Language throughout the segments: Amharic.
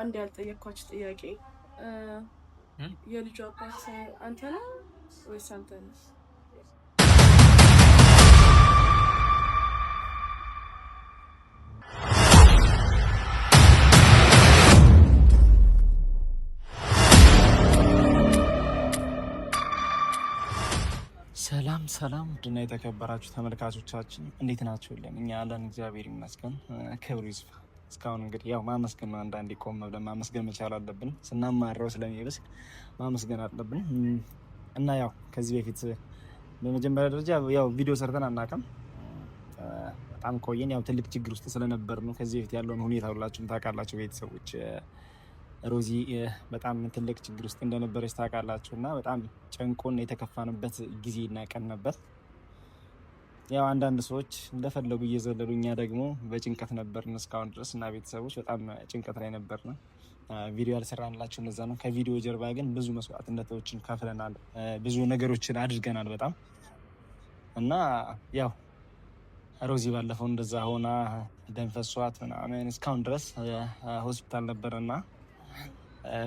አንድ ያልጠየኳች ጥያቄ የልጁ አባት አንተ ነው ወይስ አንተ ነው? ሰላም ሰላም፣ ድና የተከበራችሁ ተመልካቾቻችን እንዴት ናቸው? ለን እኛ አለን፣ እግዚአብሔር ይመስገን፣ ክብሩ ይስፋ። እስካሁን እንግዲህ ያው ማመስገን ነው። አንዳንዴ ቆም ብለን ማመስገን መቻል አለብን። ስናማረው ስለሚብስ ማመስገን አለብን እና ያው ከዚህ በፊት በመጀመሪያ ደረጃ ያው ቪዲዮ ሰርተን አናውቅም። በጣም ቆየን። ያው ትልቅ ችግር ውስጥ ስለነበር ነው። ከዚህ በፊት ያለውን ሁኔታ ሁላችሁም ታውቃላችሁ ቤተሰቦች። ሮዚ በጣም ትልቅ ችግር ውስጥ እንደነበረች ታውቃላችሁ እና በጣም ጨንቆን የተከፋንበት ጊዜ እና ቀን ነበር። ያው አንዳንድ ሰዎች እንደፈለጉ እየዘለሉ እኛ ደግሞ በጭንቀት ነበርን እስካሁን ድረስ እና ቤተሰቦች በጣም ጭንቀት ላይ ነበርን። ቪዲዮ ያልሰራንላቸው እነዛ ነው። ከቪዲዮ ጀርባ ግን ብዙ መስዋዕትነቶችን ከፍለናል፣ ብዙ ነገሮችን አድርገናል በጣም እና ያው ሮዚ ባለፈው እንደዛ ሆና ደንፈሷት ምናምን እስካሁን ድረስ ሆስፒታል እና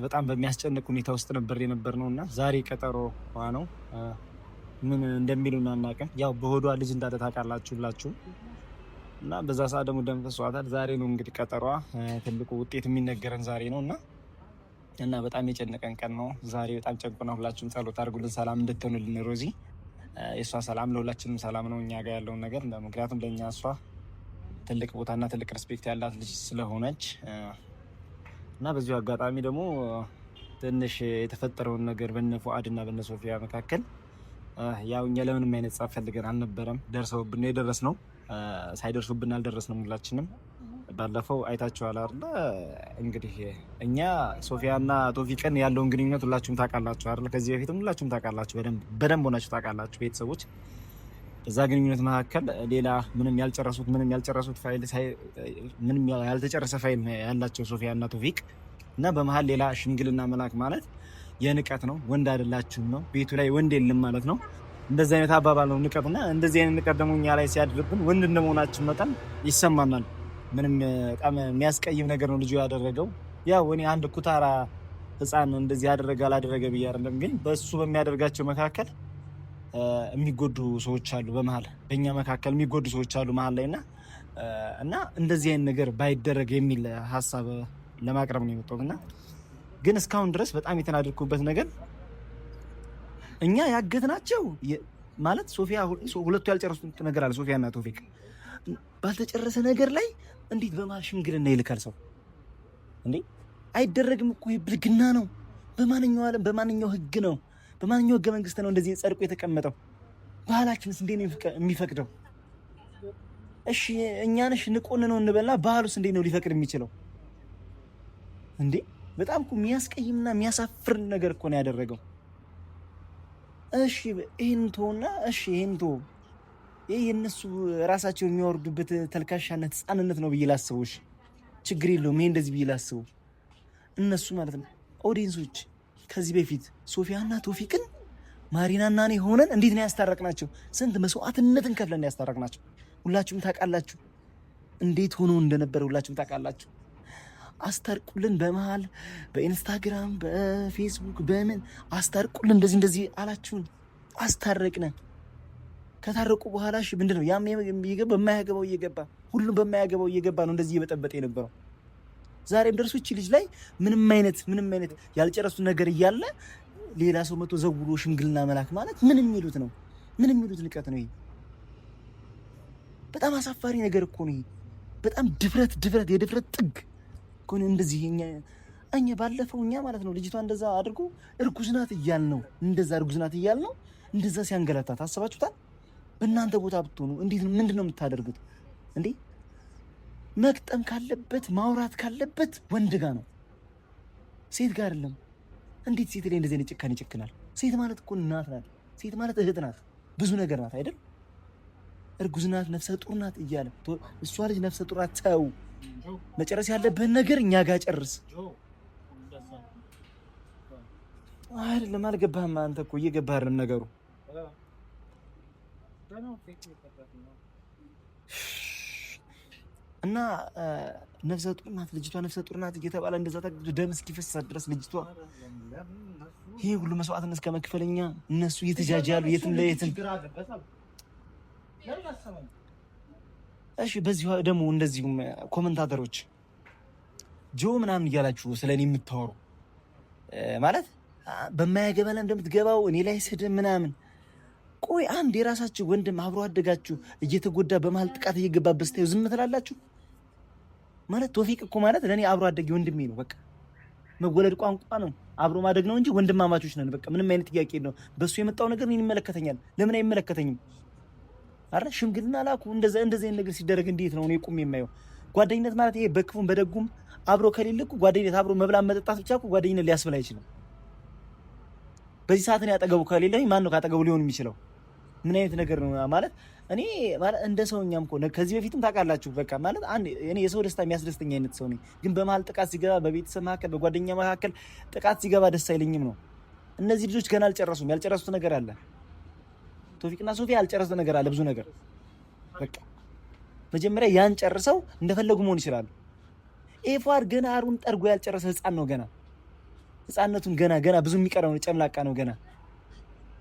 በጣም በሚያስጨንቅ ሁኔታ ውስጥ ነበር የነበር ነው እና ዛሬ ቀጠሮ ነው ምን እንደሚሉን አናውቅም። ያው በሆዷ ልጅ እንዳለ ታውቃላችሁ ብላችሁ እና በዛ ሰዓት ደግሞ ደም ፈሷታል። ዛሬ ነው እንግዲህ ቀጠሯ፣ ትልቁ ውጤት የሚነገረን ዛሬ ነው እና እና በጣም የጨነቀን ቀን ነው ዛሬ። በጣም ጨንቆና ሁላችሁም ጸሎት አድርጉልን፣ ሰላም እንድትሆንልን ሮዚ። የእሷ ሰላም ለሁላችንም ሰላም ነው፣ እኛ ጋር ያለውን ነገር ምክንያቱም ለእኛ እሷ ትልቅ ቦታና ትልቅ ሪስፔክት ያላት ልጅ ስለሆነች እና በዚሁ አጋጣሚ ደግሞ ትንሽ የተፈጠረውን ነገር በነ ፉአድ እና በነ ሶፊያ መካከል ያው እኛ ለምንም አይነት ጻፍ ፈልገን አልነበረም። ደርሰውብን የደረስ ነው፣ ሳይደርሱብን አልደረስንም። ሁላችንም ባለፈው አይታችኋል አይደለ? እንግዲህ እኛ ሶፊያና ቶፊቅን ያለውን ግንኙነት ሁላችሁም ታውቃላችሁ አይደለ? ከዚህ በፊትም ሁላችሁም ታውቃላችሁ፣ በደንብ ሆናችሁ ታውቃላችሁ ቤተሰቦች። እዛ ግንኙነት መካከል ሌላ ምንም ያልጨረሱት ምንም ያልጨረሱት ፋይል ምንም ያልተጨረሰ ፋይል ያላቸው ሶፊያና ቶፊቅ እና በመሀል ሌላ ሽምግልና መላክ ማለት የንቀት ነው። ወንድ አይደላችሁም ነው። ቤቱ ላይ ወንድ የለም ማለት ነው። እንደዚህ አይነት አባባል ነው ንቀት። እና እንደዚህ አይነት ንቀት ደግሞ እኛ ላይ ሲያድርብን ወንድ እንደመሆናችን መጠን ይሰማናል። ምንም በጣም የሚያስቀይም ነገር ነው ልጁ ያደረገው። ያው እኔ አንድ ኩታራ ሕፃን እንደዚህ ያደረገ አላደረገ ብዬ አይደለም፣ ግን በእሱ በሚያደርጋቸው መካከል የሚጎዱ ሰዎች አሉ። በመሀል በእኛ መካከል የሚጎዱ ሰዎች አሉ መሀል ላይ እና እና እንደዚህ አይነት ነገር ባይደረግ የሚል ሀሳብ ለማቅረብ ነው የመጣሁት እና ግን እስካሁን ድረስ በጣም የተናደድኩበት ነገር እኛ ያገትናቸው ማለት ሶፊያ ሁለቱ ያልጨረሱት ነገር አለ። ሶፊያ እና ቶፊቅ ባልተጨረሰ ነገር ላይ እንዴት ሽምግልና ይልካል ሰው እንዴ? አይደረግም እኮ ብልግና ነው። በማንኛው ዓለም በማንኛው ህግ ነው በማንኛው ህገ መንግስት ነው እንደዚህ ጸድቆ የተቀመጠው? ባህላችንስ እንዴት ነው የሚፈቅደው? እሺ እኛንሽ ንቆን ነው እንበላ ባህሉስ እንዴት ነው ሊፈቅድ የሚችለው እንዴ? በጣም እኮ የሚያስቀይምና የሚያሳፍር ነገር እኮ ነው ያደረገው። እሺ ይህን ተውና፣ እሺ ይህን ተው። ይህ የእነሱ ራሳቸው የሚያወርዱበት ተልካሻነት ህፃንነት ነው ብዬ ላስበው። እሺ ችግር የለውም ይሄ እንደዚህ ብዬ ላስበው። እነሱ ማለት ነው ኦዲየንሶች ከዚህ በፊት ሶፊያና ቶፊቅን ማሪናና እኔ ሆነን እንዴት ነው ያስታረቅናቸው? ስንት መስዋዕትነትን ከፍለን ያስታረቅናቸው ሁላችሁም ታውቃላችሁ። እንዴት ሆኖ እንደነበረ ሁላችሁም ታውቃላችሁ። አስታርቁልን፣ በመሃል በኢንስታግራም በፌስቡክ በምን አስታርቁልን፣ እንደዚህ እንደዚህ አላችሁን፣ አስታረቅነ። ከታረቁ በኋላ እሺ ምንድን ነው ያም የገባ በማያገባው እየገባ ሁሉም በማያገባው እየገባ ነው እንደዚህ እየበጠበጠ የነበረው። ዛሬም ደርሶ እቺ ልጅ ላይ ምንም አይነት ምንም አይነት ያልጨረሱ ነገር እያለ ሌላ ሰው መቶ ዘውሎ ሽምግልና መላክ ማለት ምን የሚሉት ነው? ምን የሚሉት ንቀት ነው ይሄ? በጣም አሳፋሪ ነገር እኮ ነው ይሄ። በጣም ድፍረት ድፍረት የድፍረት ጥግ ከሆነ እንደዚህ እኛ ባለፈው እኛ ማለት ነው ልጅቷ እንደዛ አድርጎ እርጉዝ ናት እያል ነው እንደዛ እርጉዝ ናት እያል ነው እንደዛ ሲያንገላታ ታስባችሁታል? በእናንተ ቦታ ብትሆኑ እንዴት ነው ምንድን ነው የምታደርጉት እንዴ? መቅጠም ካለበት ማውራት ካለበት ወንድ ጋ ነው፣ ሴት ጋር አይደለም። እንዴት ሴት ላይ እንደዚህ አይነት ጭካኔ ይጨክናል? ሴት ማለት እኮ እናት ናት። ሴት ማለት እህት ናት፣ ብዙ ነገር ናት አይደል? እርጉዝ ናት፣ ነፍሰ ጡር ናት እያለ እሷ ልጅ ነፍሰ ጡር ናት። ተው መጨረስ ያለብህን ነገር እኛ ጋር ጨርስ። አይደለም አልገባህም። አንተ እኮ እየገባህ አይደለም ነገሩ። እና ነፍሰ ጡር ናት ልጅቷ፣ ነፍሰ ጡር ናት እየተባለ እንደዛ ደም እስኪፈሳት ድረስ ልጅቷ ይሄ ሁሉ መስዋዕትነት እስከ መክፈለኛ እነሱ እየተጃጃሉ የትም ለየትም እሺ በዚህ ደግሞ እንደዚሁም ኮመንታተሮች ጆ ምናምን እያላችሁ ስለ እኔ የምታወሩ ማለት በማያገባ ላይ እንደምትገባው እኔ ላይ ስድብ ምናምን ቆይ አንድ የራሳችሁ ወንድም አብሮ አደጋችሁ እየተጎዳ በመሀል ጥቃት እየገባበት ስታዩ ዝም ትላላችሁ? ማለት ቶፊቅ እኮ ማለት ለእኔ አብሮ አደጌ ወንድሜ ነው። በቃ መወለድ ቋንቋ ነው፣ አብሮ ማደግ ነው እንጂ ወንድማማቾች ነን። በቃ ምንም አይነት ጥያቄ ነው። በእሱ የመጣው ነገር እኔን ይመለከተኛል። ለምን አይመለከተኝም? አረ ሽምግልና ላኩ። እንደዛ እንደዚህ አይነት ነገር ሲደረግ እንዴት ነው እኔ ቁም የማየው? ጓደኝነት ማለት ይሄ በክፉም በደጉም አብሮ ከሌለ እኮ ጓደኝነት አብሮ መብላት መጠጣት ብቻ እኮ ጓደኝነት ሊያስብል አይችልም። በዚህ ሰዓት እኔ አጠገቡ ከሌለ ማን ነው ካጠገቡ ሊሆን የሚችለው? ምን አይነት ነገር ነው ማለት እኔ ማለት እንደ ሰውኛም እኮ ከዚህ በፊትም ታውቃላችሁ። በቃ ማለት አንድ እኔ የሰው ደስታ የሚያስደስተኝ አይነት ሰው ነኝ፣ ግን በመሀል ጥቃት ሲገባ፣ በቤተሰብ መካከል፣ በጓደኛ መካከል ጥቃት ሲገባ ደስ አይለኝም ነው። እነዚህ ልጆች ገና አልጨረሱም። ያልጨረሱት ነገር አለ እና ሶፊ ያልጨረሰ ነገር አለ፣ ብዙ ነገር በቃ መጀመሪያ ያን ጨርሰው እንደፈለጉ መሆን ይችላሉ። ኤፏር ገና አሩን ጠርጎ ያልጨረሰ ህፃን ነው። ገና ህፃነቱን ገና ገና ብዙ የሚቀረው ጨምላቃ ነው ገና።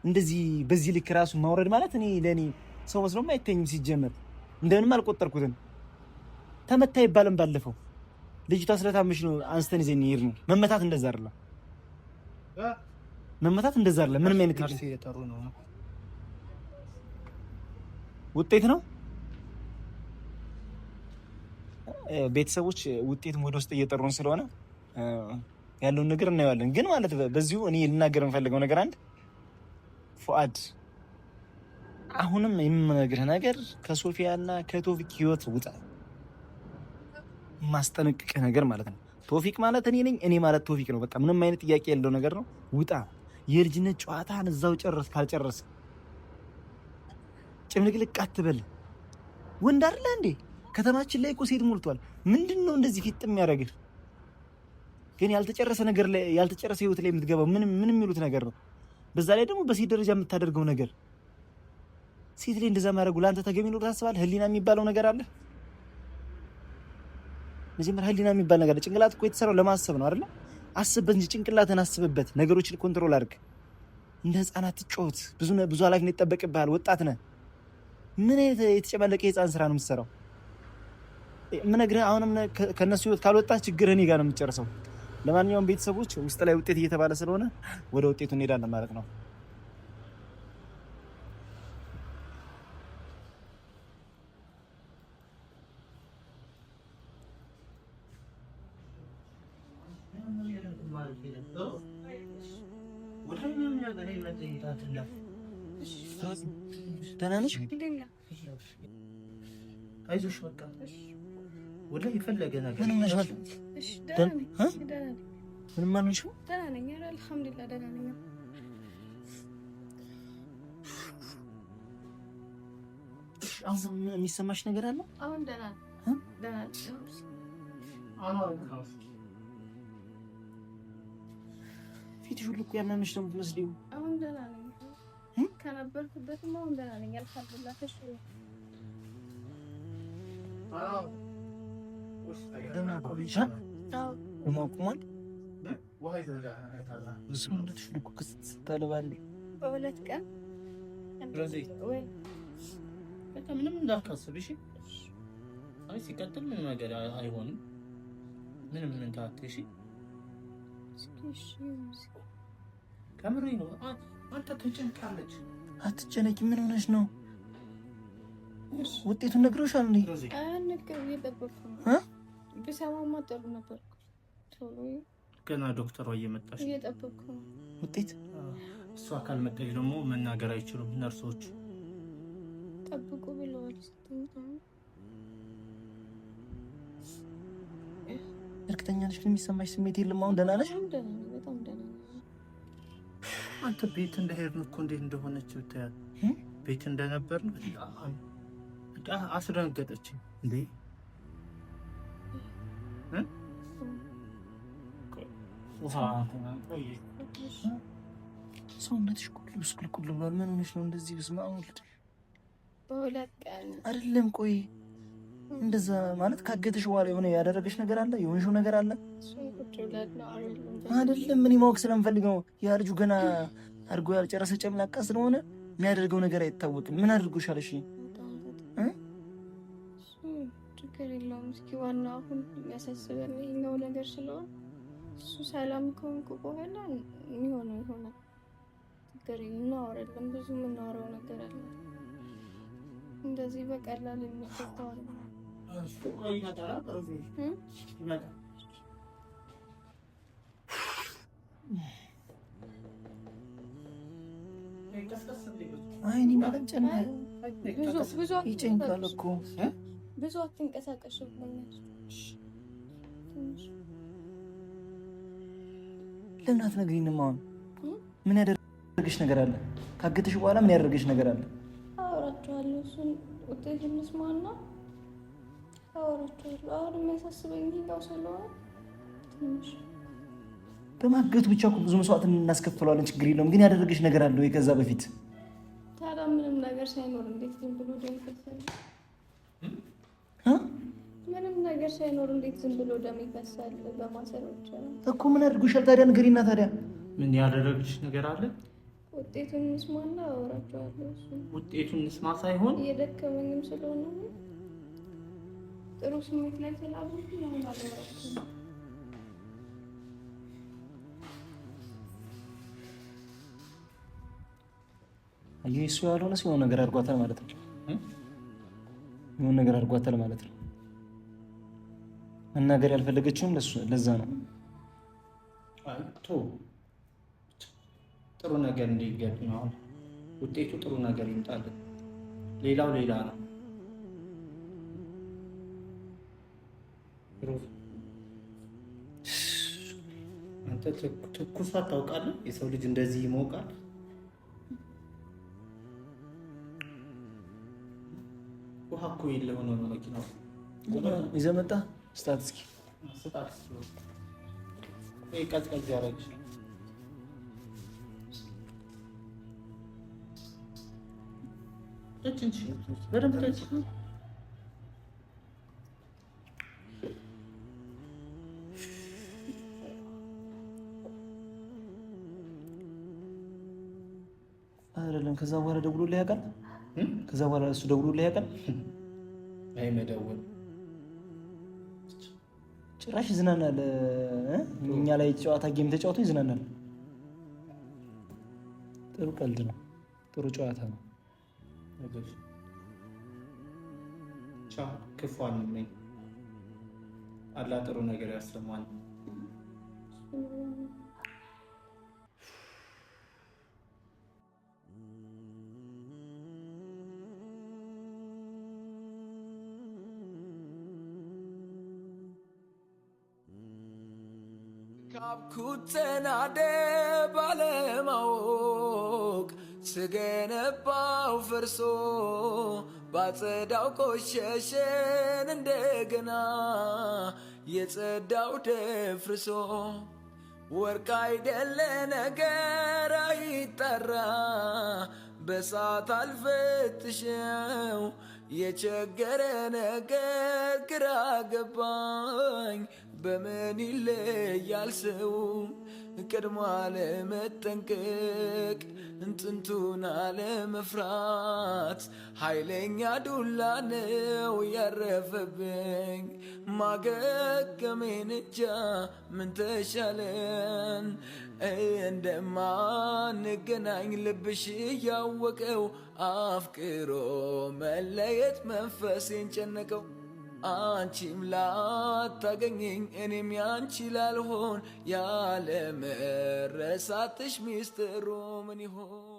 እንደዚህ በዚህ ልክ ራሱ ማውረድ ማለት እኔ ለእኔ ሰው መስሎም አይተኝም። ሲጀመር እንደምንም አልቆጠርኩትም። ተመታ ይባልም ባለፈው ልጅቷ ስለታመሽ ነው አንስተን ይዘን ይሄድ ነው መመታት እንደዛ አይደለም። መመታት እንደዛ አይደለም። ምንም አይነት ውጤት ነው። ቤተሰቦች ውጤትም ወደ ውስጥ እየጠሩን ስለሆነ ያለውን ነገር እናየዋለን። ግን ማለት በዚሁ እኔ ልናገር የምፈልገው ነገር አንድ ፉአድ፣ አሁንም የምነግርህ ነገር ከሶፊያና ከቶፊክ ህይወት ውጣ። ማስጠንቅቅህ ነገር ማለት ነው። ቶፊቅ ማለት እኔ ነኝ፣ እኔ ማለት ቶፊክ ነው። በቃ ምንም አይነት ጥያቄ ያለው ነገር ነው። ውጣ። የልጅነት ጨዋታን እዛው ጨረስ ካልጨረስ ጭምልቅልቅ አትበል ወንድ አይደለ እንዴ? ከተማችን ላይ እኮ ሴት ሞልቷል። ምንድን ነው እንደዚህ ፊት የሚያደርግህ? ግን ያልተጨረሰ ነገር ላይ ያልተጨረሰ ህይወት ላይ የምትገባው ምን ምን የሚሉት ነገር ነው? በዛ ላይ ደግሞ በሴት ደረጃ የምታደርገው ነገር ሴት ላይ እንደዛ ማድረጉ ለአንተ ተገቢ ነው ታስባለህ? ህሊና የሚባለው ነገር አለ። መጀመሪያ ህሊና የሚባል ነገር ጭንቅላት እኮ የተሰራው ለማሰብ ነው አይደለ? አስብበት እንጂ ጭንቅላትን አስብበት። ነገሮችን ኮንትሮል አድርግ። እንደ ህፃናት ትጮት ብዙ ብዙ ኃላፊነት ይጠበቅብሃል። ወጣት ነህ። ምን አይነት የተጨመለቀ የህፃን ስራ ነው የምትሰራው? ምነግርህ አሁንም ከእነሱ ህይወት ካልወጣ ችግር እኔ ጋር ነው የምትጨርሰው። ለማንኛውም ቤተሰቦች ውስጥ ላይ ውጤት እየተባለ ስለሆነ ወደ ውጤቱ እንሄዳለን ማለት ነው። ትናንሽ አይዞሽ በቃ ወላሂ የፈለገ ነገር ምን ሆነሻል? ምንም አልሆንሽም። ደህና ነኝ፣ አልሐምዱሊላህ ደህና ነኝ። አሁን የሚሰማሽ ነገር አለ? አሁን ደህና ደህና ፊትሽ ሁሉ እኮ ያመመሽ ነው የምትመስለው። አሁን ደህና ነኝ። ከነበርኩበት አሁን ደህና ነኝ። አልሐምዱሊላህ በሁለት ቀን ሲቀጥል ምንም ነገር አይሆንም። ምንም ምን ከምሬ ነው። አንተ ተጨንቃለች። አትጨነቂ፣ ምን ሆነሽ ነው? ውጤቱን ነግሮሻል እንዴ? ብሰማማ ጥሩ ነበር። ገና ዶክተሯ እየመጣች ውጤት አካል ካልመጣች ደግሞ መናገር አይችሉም ነርሶች ጠብቁ ብለዋል። እርግጠኛ ነሽ? የሚሰማሽ ስሜት የለም? አሁን ደህና ነሽ? አንተ ቤት እንደሄድን እኮ እንዴት እንደሆነች ብታያት ቤት እንደነበርን አስደነገጠች እንዴ። ሰውነትሽ ኩሉ እስኩልኩል ብሏል። ምን ሆነሽ ነው እንደዚህ? ብስማ ወልድ አይደለም። ቆይ እንደዛ ማለት ካገተሽ በኋላ የሆነ ያደረገሽ ነገር አለ? የሆንሽው ነገር አለ? አይደለም እኔ ማወቅ ስለምፈልገው ያ ልጁ ገና አድርጎ ያልጨረሰ ጨምላቃ ስለሆነ የሚያደርገው ነገር አይታወቅም። ምን አድርጎሻል? እሺ ችግር የለውም። እስኪ ዋና አሁን የሚያሳስበን ይኸኛው ነገር ስለሆነ እሱ ሰላም ከሆንኩ በኋላ የሚሆነው ይሆናል። ችግር እናወራለን። ብዙ የምናወራው ነገር አለ። እንደዚህ በቀላል የሚፈታው አይኔ ማለት ጨነቀኝ። ይጨንቃል እኮ ብዙ አትንቀሳቀሽ። ለምን አትነግሪኝም? አሁን ምን ያደረገሽ ነገር አለ? ካገተሽ በኋላ ምን ያደረገሽ ነገር አለ? አወራቸዋለሁ። እሱን ውጤት እንስማና አወራቸዋለሁ። አሁን የሚያሳስበኝ ሌላው ስለሆነ ትንሽ በማገቱ ብቻ እኮ ብዙ መስዋዕት እናስከፍለዋለን። ችግር የለውም ግን ያደረገች ነገር አለ ወይ ከዛ በፊት? ታዲያ ምንም ነገር ሳይኖር እንዴት ዝም ብሎ ምንም ነገር ሳይኖር እንዴት ዝም ብሎ ደም ይፈሳል? በማሰሮች እኮ ምን አድርጎሻል ታዲያ? ንገሪና ታዲያ ምን ያደረገች ነገር አለ? ውጤቱን እንስማና አወራቸዋለሁ። ውጤቱን እንስማ ሳይሆን እየደከመኝም ስለሆነ ጥሩ ስሜት ላይ ስላሉ ምን አላወራቸውም አየህ፣ እሱ ያልሆነ ሰው የሆነ ነገር አድርጓታል ማለት ነው። የሆነ ነገር አድርጓታል ማለት ነው። መናገር ያልፈለገችውም ለዛ ነው። ጥሩ ነገር ነው። ውጤቱ ጥሩ ነገር ይምጣል። ሌላው ሌላ ነው። አንተ ትኩሳት ታውቃለህ። የሰው ልጅ እንደዚህ ይሞቃል። እኮ የለም ነው መኪናው ይዘህ መጣህ። ስጣት እስኪ ቀዝቀዝ ያደረግሽ አይደለም። ከዛ በኋላ ደውሎልህ ያውቃል። ከዛ በኋላ እሱ ደውሎልህ ያውቃል። አይመደውም። ጭራሽ ይዝናናል። እኛ ላይ ጨዋታ ጌም ተጫውቶ ይዝናናል። ጥሩ ቀልድ ነው። ጥሩ ጨዋታ ነው። ክፉ አንመኝ። ጥሩ ነገር ያሰማል። ካብኩት ተናደ ባለማወቅ ስገነባው ፈርሶ ባጸዳው ቆሸሸን እንደገና የጸዳው ደፍርሶ ወርቅ አይደለ ነገር አይጠራ በሳት አልፈትሸው የቸገረ ነገር ግራ ገባኝ። በምን ይለያል ሰው ቀድሞ አለመጠንቀቅ እንጥንቱን አለመፍራት ኃይለኛ ዱላ ነው ያረፈብኝ ማገገሜን እንጃ ምን ተሻለን እንደማንገናኝ ልብሽ እያወቀው አፍቅሮ መለየት መንፈሴን ጨነቀው። አንቺም ላታገኘኝ እኔም ያንቺ ላልሆን ያለ ሚስጥሩ ምን ይሆን?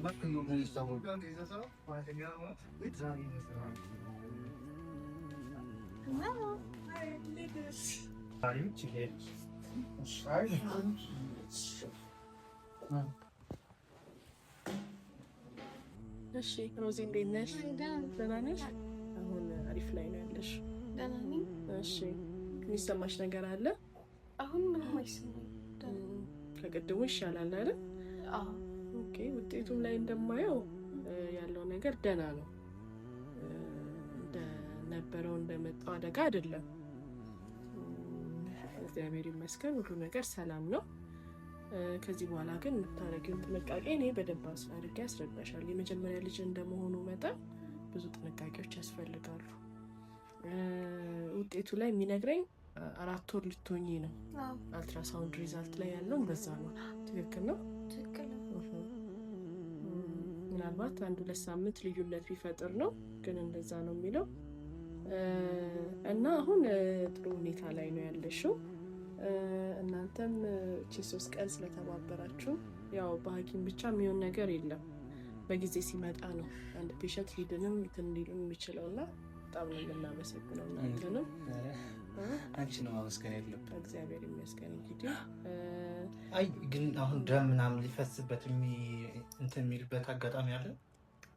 እሺ ሮዚ እንዴት ነሽ? ደህና ነሽ? አሁን አሪፍ ላይ ነው ያለሽ? ደህና ነኝ። እሺ የሚሰማሽ ነገር አለ? አሁን ምንም አይሰማኝም። ከቅድሙ ይሻላል አይደል? አዎ ውጤቱም ላይ እንደማየው ያለው ነገር ደህና ነው። እንደነበረው እንደመጣው አደጋ አይደለም። እግዚአብሔር ይመስገን ሁሉ ነገር ሰላም ነው። ከዚህ በኋላ ግን የምታደርጊውን ጥንቃቄ እኔ በደንብ አድርጌ ያስረዳሻል። የመጀመሪያ ልጅ እንደመሆኑ መጠን ብዙ ጥንቃቄዎች ያስፈልጋሉ። ውጤቱ ላይ የሚነግረኝ አራት ወር ልትሆኚ ነው። አልትራሳውንድ ሪዛልት ላይ ያለው በዛ ነው። ትክክል ነው። ምናልባት አንድ ሁለት ሳምንት ልዩነት ቢፈጥር ነው፣ ግን እንደዛ ነው የሚለው እና አሁን ጥሩ ሁኔታ ላይ ነው ያለሽው። እናንተም ቺ ሶስት ቀን ስለተባበራችሁ ያው በሐኪም ብቻ የሚሆን ነገር የለም። በጊዜ ሲመጣ ነው አንድ ፔሸንት ሊድንም ሊትን የሚችለው እና በጣም ነው የምናመሰግነው እናንተንም አንቺ ነው ማመስገን ያለብን። እግዚአብሔር ይመስገን። እንግዲህ አይ ግን አሁን ደም ምናምን ሊፈስበት እንትን የሚልበት አጋጣሚ አለ?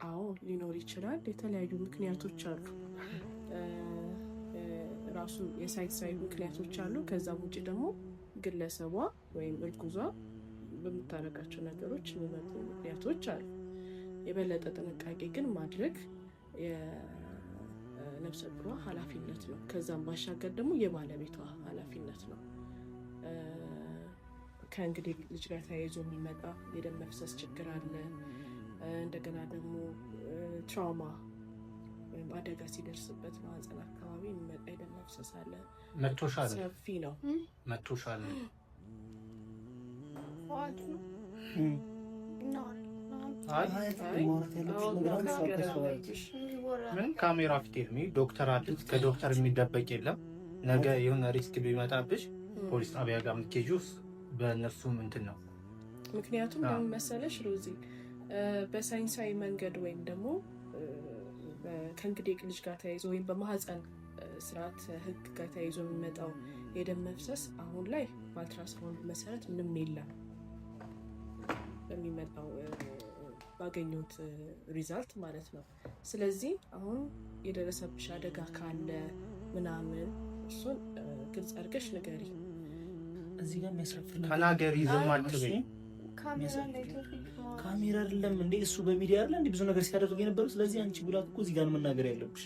አዎ ሊኖር ይችላል። የተለያዩ ምክንያቶች አሉ። ራሱ የሳይንሳዊ ምክንያቶች አሉ። ከዛ ውጭ ደግሞ ግለሰቧ ወይም እርጉዟ በምታደርጋቸው ነገሮች የሚመጡ ምክንያቶች አሉ። የበለጠ ጥንቃቄ ግን ማድረግ የነፍሰ ጡሯ ኃላፊነት ነው። ከዛም ባሻገር ደግሞ የባለቤቷ ኃላፊነት ነው። ከእንግዲህ ልጅ ጋር ተያይዞ የሚመጣ የደም መፍሰስ ችግር አለ። እንደገና ደግሞ ትራውማ ወይም አደጋ ሲደርስበት ማህፀን አካባቢ የሚመጣ የደም መፍሰስ አለ። ሰፊ ነው። መቶሻል ነው ምንም ካሜራ ፊት ዶክተር አለ። ከዶክተር የሚደበቅ የለም። ነገ የሆነ ሪስክ ቢመጣብሽ ፖሊስ ጣቢያ ጋር የምትሄጂው በእነሱ ምንትን ነው። ምክንያቱም ደግሞ መሰለሽ ሮዚ በሳይንሳዊ መንገድ ወይም ደግሞ ከእንግዴ ልጅ ጋር ተያይዞ ወይም በማህፀን ስርዓት ህግ ጋር ተያይዞ የሚመጣው የደም መፍሰስ አሁን ላይ በአልትራሳውንድ መሰረት ምንም የለም በሚመጣው ባገኙት ሪዛልት ማለት ነው። ስለዚህ አሁን የደረሰብሽ አደጋ ካለ ምናምን እሱን ግልጽ አድርገሽ ንገሪ። እዚህ ጋር የሚያስረፍር ተናገሪ። ካሜራ አይደለም እንዴ እሱ በሚዲያ አለ እንዴ ብዙ ነገር ሲያደርግ የነበረው። ስለዚህ አንቺ ጉዳት እኮ እዚህ ጋር መናገር ያለብሽ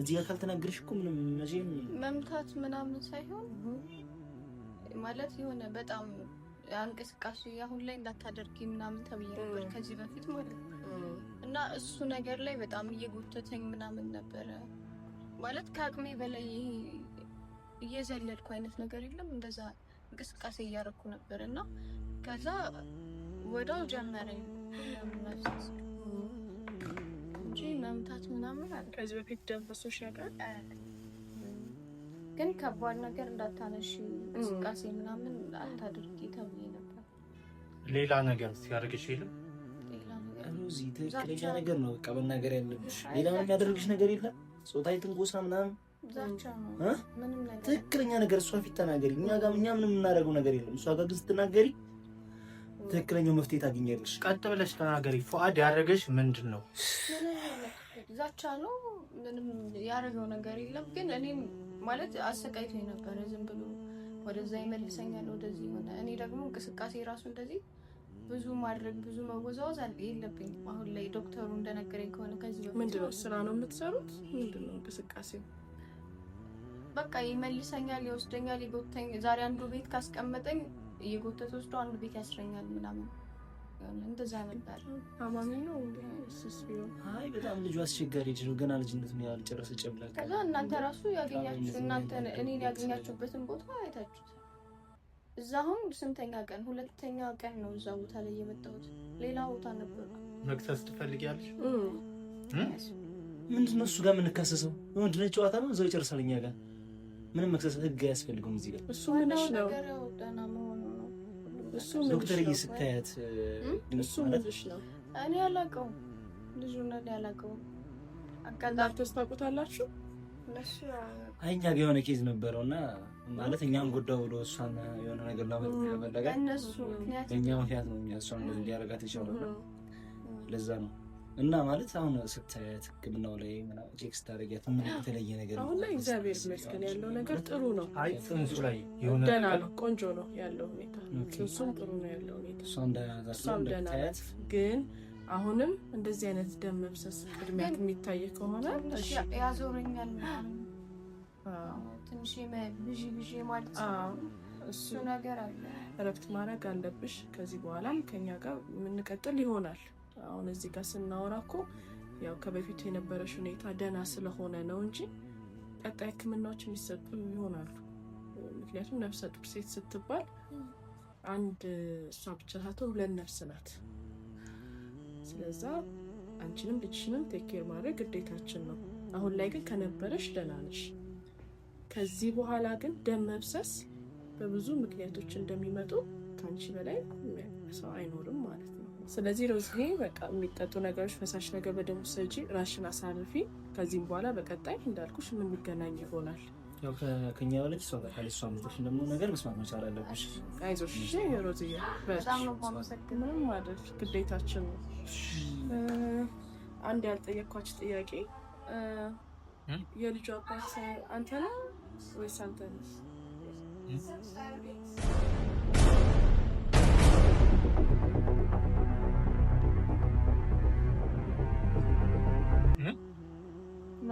እዚህ ጋር ካልተናገርሽ እኮ ምንም መቼም መምታት ምናምን ሳይሆን ማለት የሆነ በጣም እንቅስቃሴ አሁን ላይ እንዳታደርጊ ምናምን ተብዬ ነበር ከዚህ በፊት ማለት ነው። እና እሱ ነገር ላይ በጣም እየጎተተኝ ምናምን ነበረ ማለት ከአቅሜ በላይ ይሄ እየዘለድኩ አይነት ነገር የለም እንደዛ እንቅስቃሴ እያደረኩ ነበር እና ከዛ ወዳው ጀመረኝ እንጂ መምታት ምናምን አለ። ከዚህ በፊት ደንፈሶች ነገር ግን ከባድ ነገር እንዳታነሽ እንቅስቃሴ ምናምን አታድርግ ተብዬ ነበር። ሌላ ነገር ሲያደርግሽ የለም ሮዚ፣ ትክክለኛ ነገር ነው በቃ መናገር ያለብሽ። ሌላ የሚያደርግሽ ነገር የለም ጾታዊ ትንኮሳ ምናምን ትክክለኛ ነገር እሷ ፊት ተናገሪ። እኛ ጋር እኛ ምንም የምናደርገው ነገር የለም። እሷ ጋር ግን ስትናገሪ ትክክለኛው መፍትሄ ታገኛለሽ። ቀጥ ብለሽ ተናገሪ። ፉአድ ያደረገሽ ምንድን ነው? ዛቻ ነው። ምንም ያደረገው ነገር የለም። ግን እኔም ማለት አሰቃይቶኝ ነበረ ዝም ብሎ ወደዛ ይመልሰኛል፣ ወደዚህ ሆነ። እኔ ደግሞ እንቅስቃሴ ራሱ እንደዚህ ብዙ ማድረግ ብዙ መወዛወዝ የለብኝ አሁን ላይ ዶክተሩ እንደነገረኝ ከሆነ ከዚህ ምንድነው ስራ ነው የምትሰሩት? ምንድነው እንቅስቃሴ በቃ ይመልሰኛል፣ ይወስደኛል፣ ይጎተኝ። ዛሬ አንዱ ቤት ካስቀመጠኝ እየጎተተ ወስዶ አንዱ ቤት ያስረኛል ምናምን እንደዛ አይ በጣም ልጁ አስቸጋሪ ልጅ ነው። ገና ልጅነቱን ያልጨረሰ ከዛ እናንተ ራሱ ያገኛችሁ እናንተ እኔን ያገኛችሁበትን ቦታ አይታችሁት። እዛ አሁን ስንተኛ ቀን? ሁለተኛ ቀን ነው እዛ ቦታ ላይ የመጣሁት። ሌላ ቦታ ነበር። መክሰስ ትፈልጊያለሽ? ምንድን ነው እሱ ጋር ወንድ ጨዋታ ነው። እዛው ይጨርሳል እኛ ጋር ምንም መክሰስ ህግ አያስፈልገውም እዚህ ጋር እሱ ምንሽ ነው ዶክተር ስታያት እሱ ምልሽ ነው። እኔ ልጁ ነን ታውቁታላችሁ? እኛ ጋ የሆነ ኬዝ ነበረው እና ማለት እኛም ጉዳዩ ብሎ እሷን የሆነ ነገር ለመለጋት እኛ ምክንያት ነው እሷን እንዲያረጋት የቻለው ለዛ ነው እና ማለት አሁን ስታያት ሕክምናው ላይ ቼክ ስታደርጊያት ምን የተለየ ነገር? አሁን ላይ እግዚአብሔር ይመስገን ያለው ነገር ጥሩ ነው። አይ ጽንሱ ላይ ደህና ነው፣ ቆንጆ ነው ያለው ሁኔታ፣ ጽንሱም ጥሩ ነው ያለው ሁኔታ፣ እሷም ደህና ናት። ግን አሁንም እንደዚህ አይነት ደም መብሰስ ቅድሚያት የሚታይ ከሆነ ያዞረኛል ትንሽ ብዥ ብዥ ማለት ነው። እሱ ነገር አለ። እረፍት ማድረግ አለብሽ። ከዚህ በኋላም ከኛ ጋር የምንቀጥል ይሆናል አሁን እዚህ ጋር ስናወራ እኮ ያው ከበፊቱ የነበረሽ ሁኔታ ደህና ስለሆነ ነው እንጂ ቀጣይ ሕክምናዎች የሚሰጡ ይሆናሉ። ምክንያቱም ነፍሰ ጡር ሴት ስትባል አንድ እሷ ብቻ ሳትሆን ሁለት ነፍስ ናት። ስለዛ አንቺንም ልጅሽንም ቴኬር ማድረግ ግዴታችን ነው። አሁን ላይ ግን ከነበረሽ ደህና ነሽ። ከዚህ በኋላ ግን ደም መብሰስ በብዙ ምክንያቶች እንደሚመጡ ከአንቺ በላይ ሰው አይኖርም። ስለዚህ ሮዝ ይሄ በቃ የሚጠጡ ነገሮች፣ ፈሳሽ ነገር በደንብ ሰጂ፣ ራሽን አሳርፊ። ከዚህም በኋላ በቀጣይ እንዳልኩሽ የምንገናኝ ይሆናል። ከኛ በለች ሰው በቃል እሷ ምቶች ደግሞ ነገር መስማት መቻል አለብሽ። አይዞሽ ሮዝዬ፣ ምንም ማድረግ ግዴታችን ነው። አንድ ያልጠየኳቸው ጥያቄ የልጁ አባት አንተ ነው ወይስ አንተ ነው?